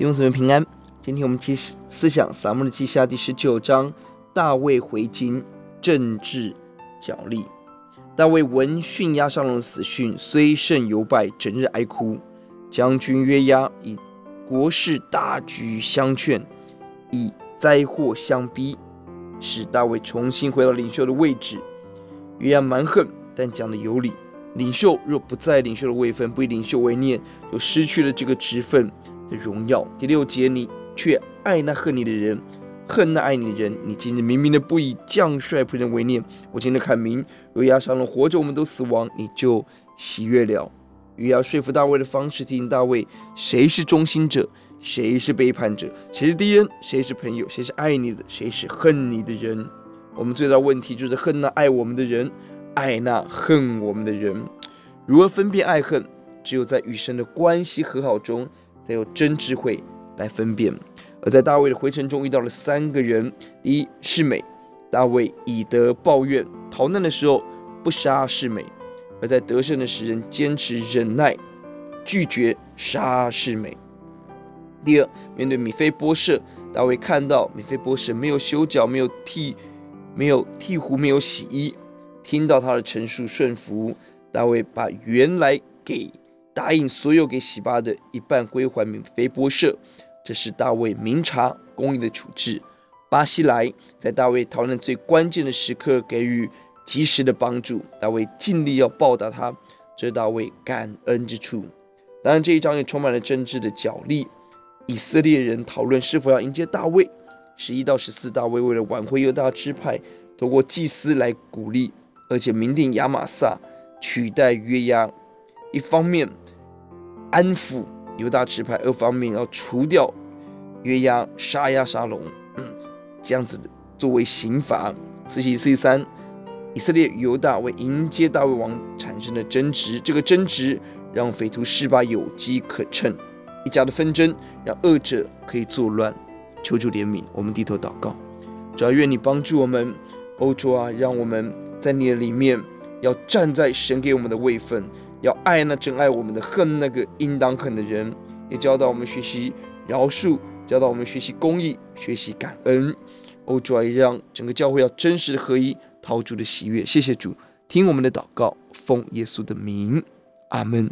弟兄姊妹平安，今天我們繼思想《撒母耳記下》第十九章，大衛回京，政治角力。大衛聞訊押沙龍死訊，雖勝猶敗，整日哀哭。將軍約押以國事大局相勸，以災禍相逼，使大衛重新回到領袖的位置。約押蠻橫，但講的有理。領袖若不在領袖的位分，不以領袖為念，就失去了這個職分的榮耀。第六節裡，你卻愛那恨你的人，恨那愛你的人。你今日明明的不以將帥僕人為念，我今日看明，若押沙龍活着，我們都死亡，你就喜悅了。約押說服大衛的方式，提醒大衛：誰是忠心者，誰是背叛者，誰是敵人，誰是朋友，誰是愛你的，誰是恨你的人。我們最大的問題就是恨那愛我們的人，愛那恨我們的人。如何分辨愛恨？只有在與神的關係和好中。得有真智慧來分辨。而在大衛的回程中，遇到了三個人：第一，示每，大衛以德報怨，逃難的時候不殺示每；而在得勝的時，人堅持忍耐，拒絕殺示每。第二，面對米非波設，大衛看到米非波設沒有修腳、沒有剃、沒有剃鬍、沒有洗衣，聽到他的陳述順服，大衛把原來給。答應所有給洗巴的一半歸還米非波設，這是大衛明察公義的處置。巴西萊在大衛逃難最關鍵的時刻給予及時的幫助，大衛盡力要報答他，這大衛感恩之處。當然，這一章也充滿了政治的角力。以色列人討論是否要迎接大衛，十一到十四，大衛為了挽回猶大支派，通過祭司來鼓勵，而且明定亞瑪撒取代約押。一方面安撫猶大支派，二方面要除掉約押殺押沙龍嗯，這樣子的作為刑罰。四十、四十三，以色列猶大為迎接大衛王產生的爭執，這個爭執讓匪徒示巴有機可乘，一家的紛爭讓惡者可以作亂，求主憐憫，我們低頭禱告，主要願你幫助我們，喔，主啊，讓我們在你的裡面要站在神給我們的位分。要愛那真愛我們的；恨那個應當恨的人，也教導我們學習饒恕，教導我們學習公義，學習感恩。歐、哦、主啊，也讓整個教會要真實的合一，討主的喜悅。謝謝主，聽我們的禱告，奉耶穌的名，阿門。